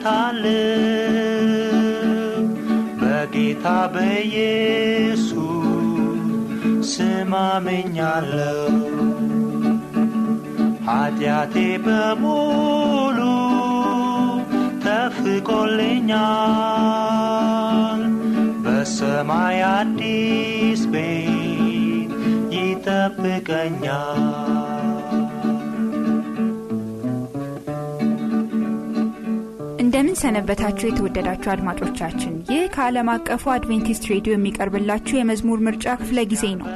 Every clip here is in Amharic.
እሞታለሁ በጌታ በኢየሱስ ስም አምኛለሁ። ኃጢአቴ በሙሉ ተፍቆልኛል። በሰማይ አዲስ ቤት ይጠብቀኛል። ሰነበታችሁ የተወደዳችሁ አድማጮቻችን፣ ይህ ከዓለም አቀፉ አድቬንቲስት ሬዲዮ የሚቀርብላችሁ የመዝሙር ምርጫ ክፍለ ጊዜ ነው።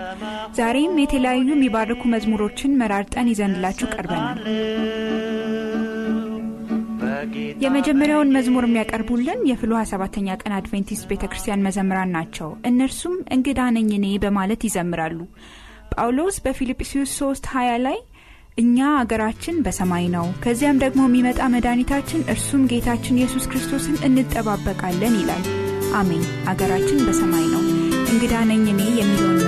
ዛሬም የተለያዩ የሚባርኩ መዝሙሮችን መራርጠን ይዘንላችሁ ቀርበናል። የመጀመሪያውን መዝሙር የሚያቀርቡልን የፍሉ ሰባተኛ ቀን አድቬንቲስት ቤተ ክርስቲያን መዘምራን ናቸው። እነርሱም እንግዳ ነኝ እኔ በማለት ይዘምራሉ። ጳውሎስ በፊልጵስዩስ 3 20 ላይ እኛ አገራችን በሰማይ ነው፣ ከዚያም ደግሞ የሚመጣ መድኃኒታችን እርሱም ጌታችን ኢየሱስ ክርስቶስን እንጠባበቃለን ይላል። አሜን። አገራችን በሰማይ ነው እንግዳ ነኝ እኔ የሚለውን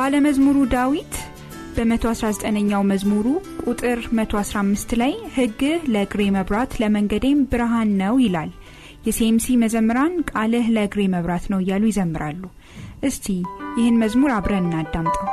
ባለመዝሙሩ ዳዊት በ119ኛው መዝሙሩ ቁጥር 115 ላይ ህግ ለእግሬ መብራት ለመንገዴም ብርሃን ነው ይላል። የሴምሲ መዘምራን ቃልህ ለእግሬ መብራት ነው እያሉ ይዘምራሉ። እስቲ ይህን መዝሙር አብረን እናዳምጠው።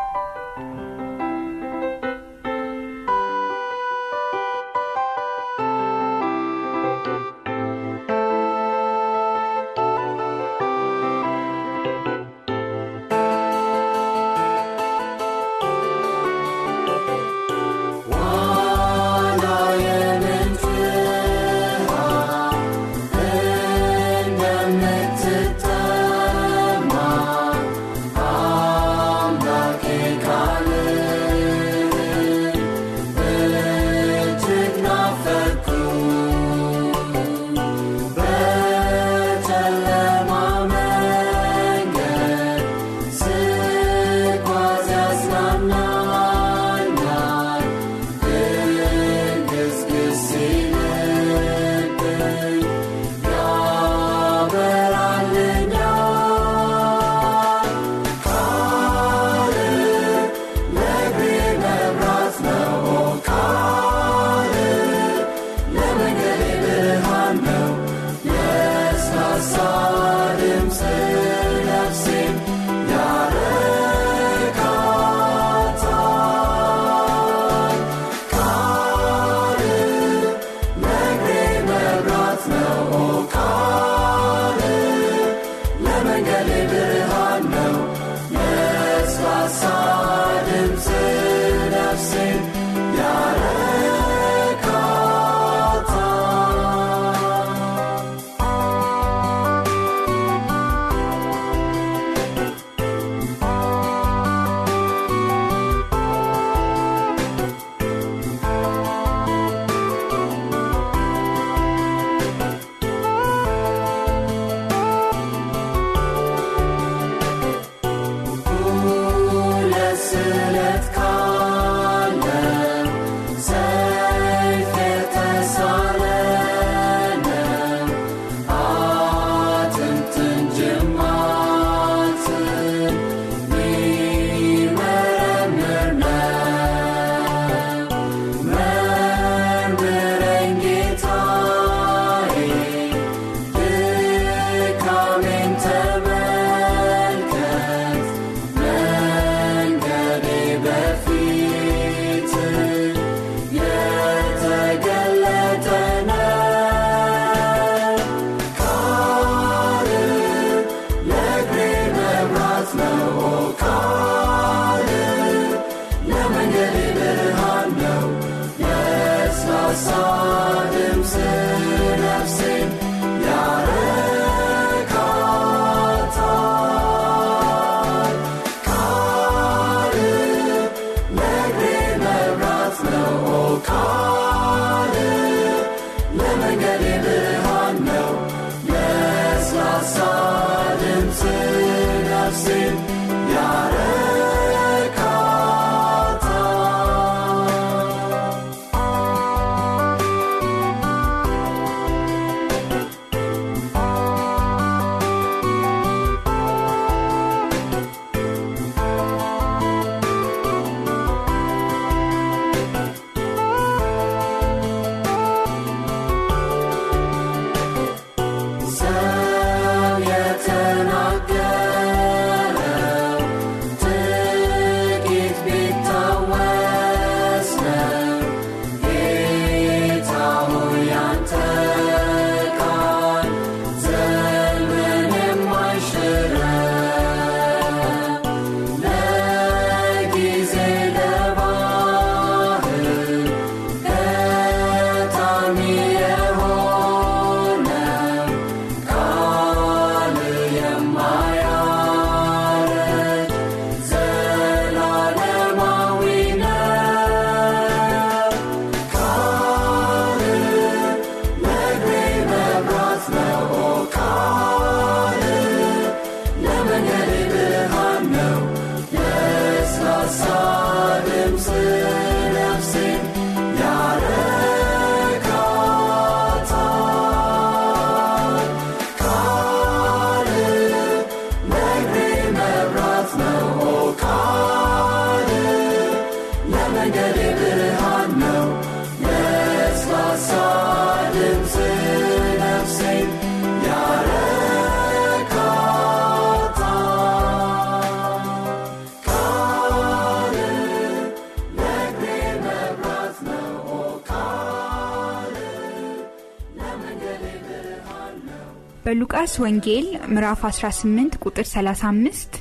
በሉቃስ ወንጌል ምዕራፍ 18 ቁጥር 35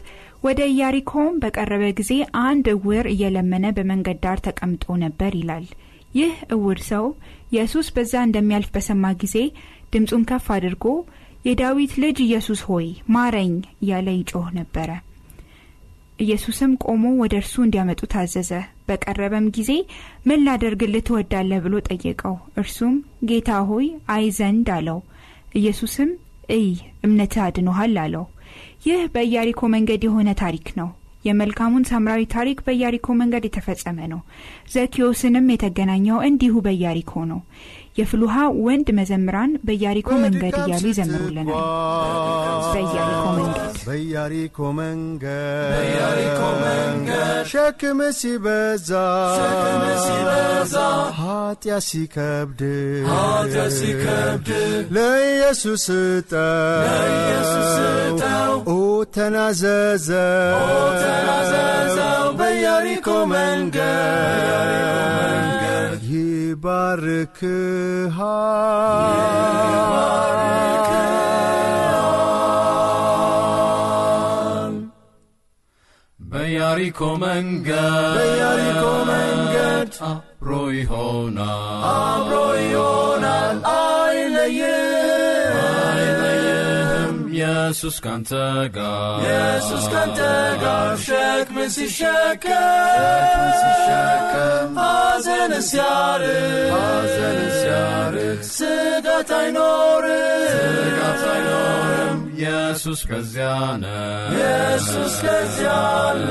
ወደ ኢያሪኮም በቀረበ ጊዜ አንድ እውር እየለመነ በመንገድ ዳር ተቀምጦ ነበር ይላል። ይህ እውር ሰው ኢየሱስ በዛ እንደሚያልፍ በሰማ ጊዜ ድምፁን ከፍ አድርጎ የዳዊት ልጅ ኢየሱስ ሆይ ማረኝ እያለ ይጮህ ነበረ። ኢየሱስም ቆሞ ወደ እርሱ እንዲያመጡ ታዘዘ። በቀረበም ጊዜ ምን ላደርግልህ ትወዳለህ ብሎ ጠየቀው። እርሱም ጌታ ሆይ አይ ዘንድ አለው። ኢየሱስም እይ እምነትህ አድኖሃል አለው። ይህ በኢያሪኮ መንገድ የሆነ ታሪክ ነው። የመልካሙን ሳምራዊ ታሪክ በያሪኮ መንገድ የተፈጸመ ነው። ዘኪዮስንም የተገናኘው እንዲሁ በያሪኮ ነው። የፍሉሃ ወንድ መዘምራን በያሪኮ መንገድ እያሉ ይዘምሩልናል። በኢያሪኮ መንገድ ሸክም ሲበዛ ኃጢያ ሲከብድ ለኢየሱስ ጠው ተናዘዘው በያሪኮ መንገድ ይባርክሃል በያሪኮ መንገድ በያሪኮ መንገድ አብሮ ይሆናል አብሮ ይሆናል አይለይም ኢየሱስ ካንተ ጋር ኢየሱስ ካንተ ጋር ሸክም ሲሸከም ሐዘን ሲያርቅ ሐዘን ሲያርቅ ስጋት አይኖርም ኢየሱስ ከዚያ ነው ኢየሱስ ከዚያ አለ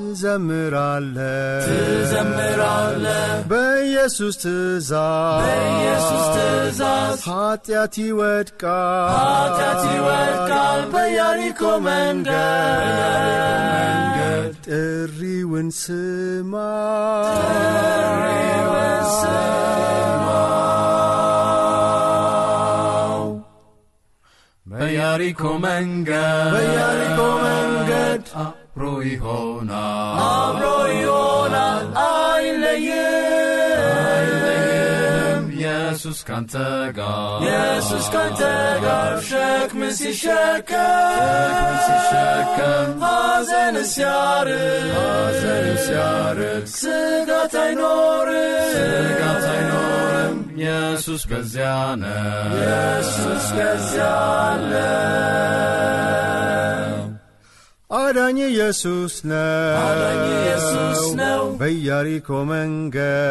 ትዘምራለ ትዘምራለ በኢየሱስ ትእዛዝ በኢየሱስ ኃጢአት ይወድቃል ኃጢአት ይወድቃል በያሪኮ መንገድ ጥሪውን ስማ ጥሪውን ስማ በያሪኮ መንገድ በያሪኮ መንገድ አብሮ ይሆናል አብሮ ይሆናል አይለይም ኢየሱስ ካንተ ጋር ኢየሱስ ካንተ ጋር ሸክም ሲሸከም ሲሸከም ሐዘን ሲያርቅ ሐዘን ሲያርቅ ስጋት አይኖርም ስጋት አይኖርም ኢየሱስ በዚያ ነው። ኢየሱስ በዚያ ነው። አዳኝ ኢየሱስ ነው። አዳኝ ኢየሱስ መንገድ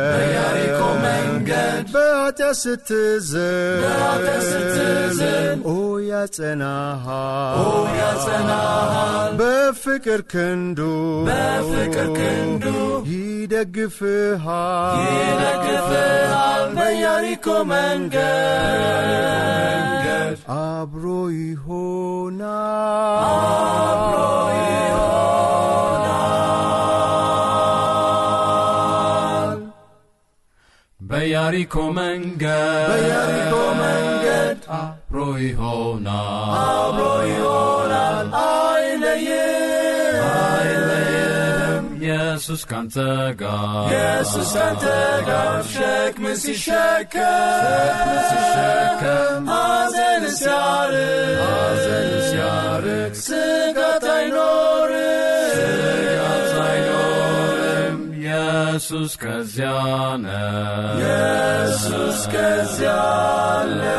በኢያሪኮ ስትዝን ኦ ያጸናሃል በፍቅር ክንዱ ይደግፍሃል ይደግፍሃል በያሪኮ መንገድ አብሮ ይሆናል አብሮ ይሆናል በያሪኮ መንገድ በያሪኮ መንገድ አብሮ ይሆናል አብሮ ይሆናል ኢየሱስ ካንተ ጋር ኢየሱስ ካንተ ጋር ሸክም ሲሸከም ሐዘን ሲያርቅ ስጋት አይኖርም ኢየሱስ ከዚያ ነው ኢየሱስ ከዚያ ነው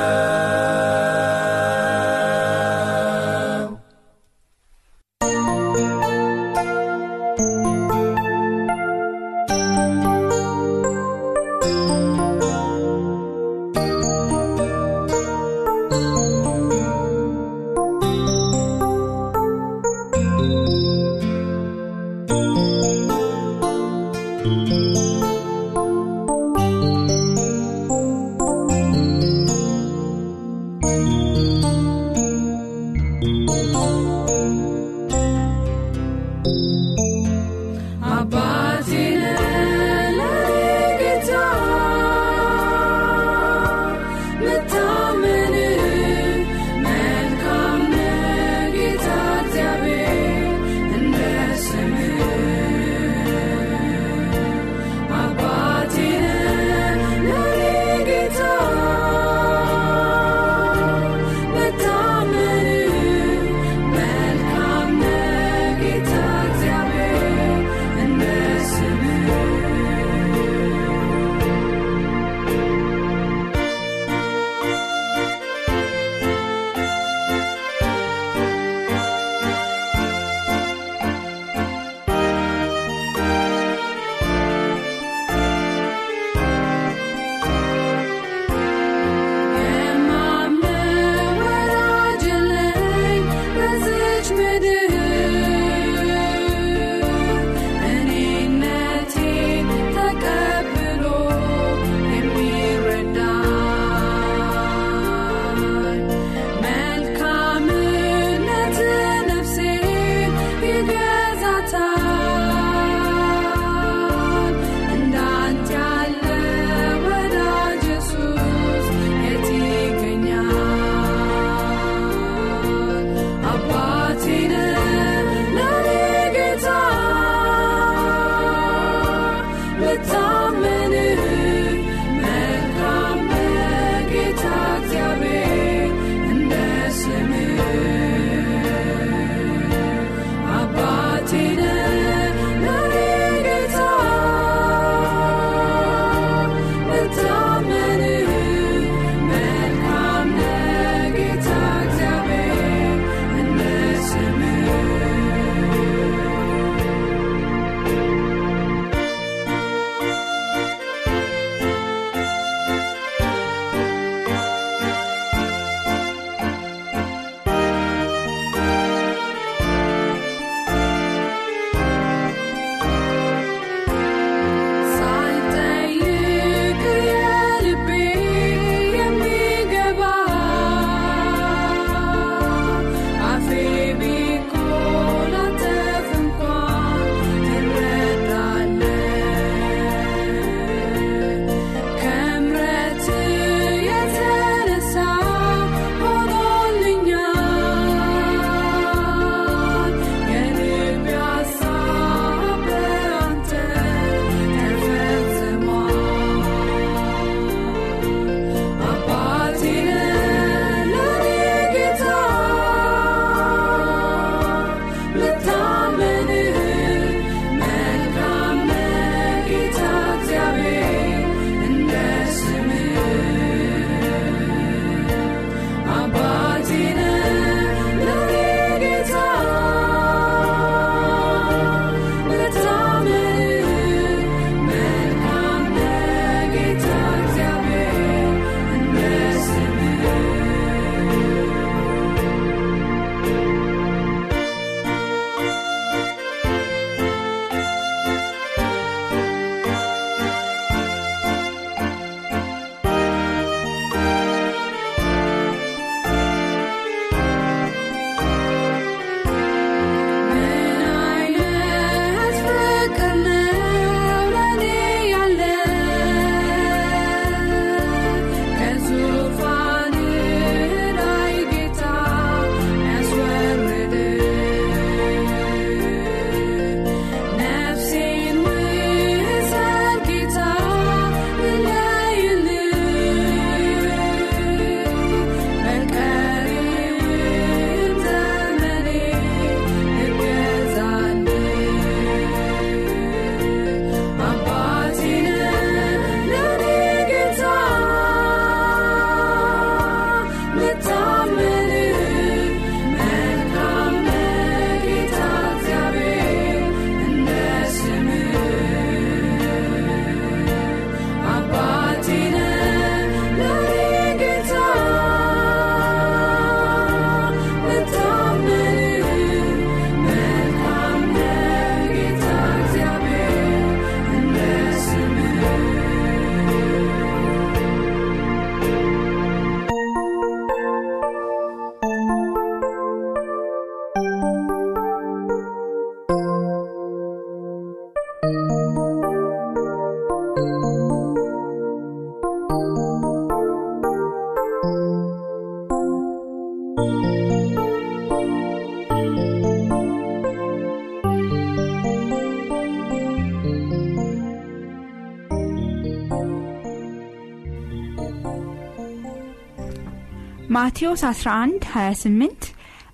ማቴዎስ 11 28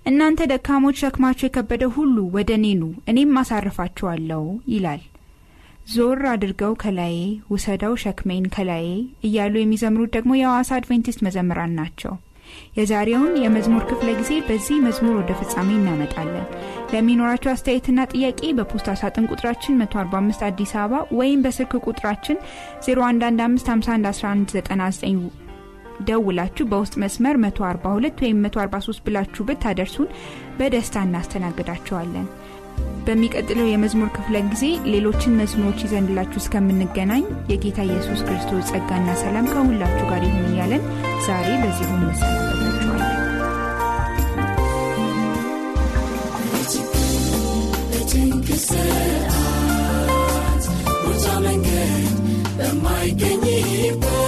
እናንተ ደካሞች ሸክማችሁ የከበደ ሁሉ ወደ እኔኑ እኔም አሳርፋችኋለሁ ይላል። ዞር አድርገው ከላዬ ውሰደው ሸክሜን ከላዬ እያሉ የሚዘምሩት ደግሞ የሐዋሳ አድቬንቲስት መዘምራን ናቸው። የዛሬውን የመዝሙር ክፍለ ጊዜ በዚህ መዝሙር ወደ ፍጻሜ እናመጣለን። ለሚኖራቸው አስተያየትና ጥያቄ በፖስታ ሳጥን ቁጥራችን 145 አዲስ አበባ ወይም በስልክ ቁጥራችን 0115511199 ደውላችሁ በውስጥ መስመር 142 ወይም 143 ብላችሁ ብታደርሱን በደስታ እናስተናግዳቸዋለን። በሚቀጥለው የመዝሙር ክፍለ ጊዜ ሌሎችን መዝሙሮች ይዘንላችሁ እስከምንገናኝ የጌታ ኢየሱስ ክርስቶስ ጸጋና ሰላም ከሁላችሁ ጋር ይሁን እያለን ዛሬ በዚሁ እንሰናበታችኋለን። ሰዓት በማይገኝበት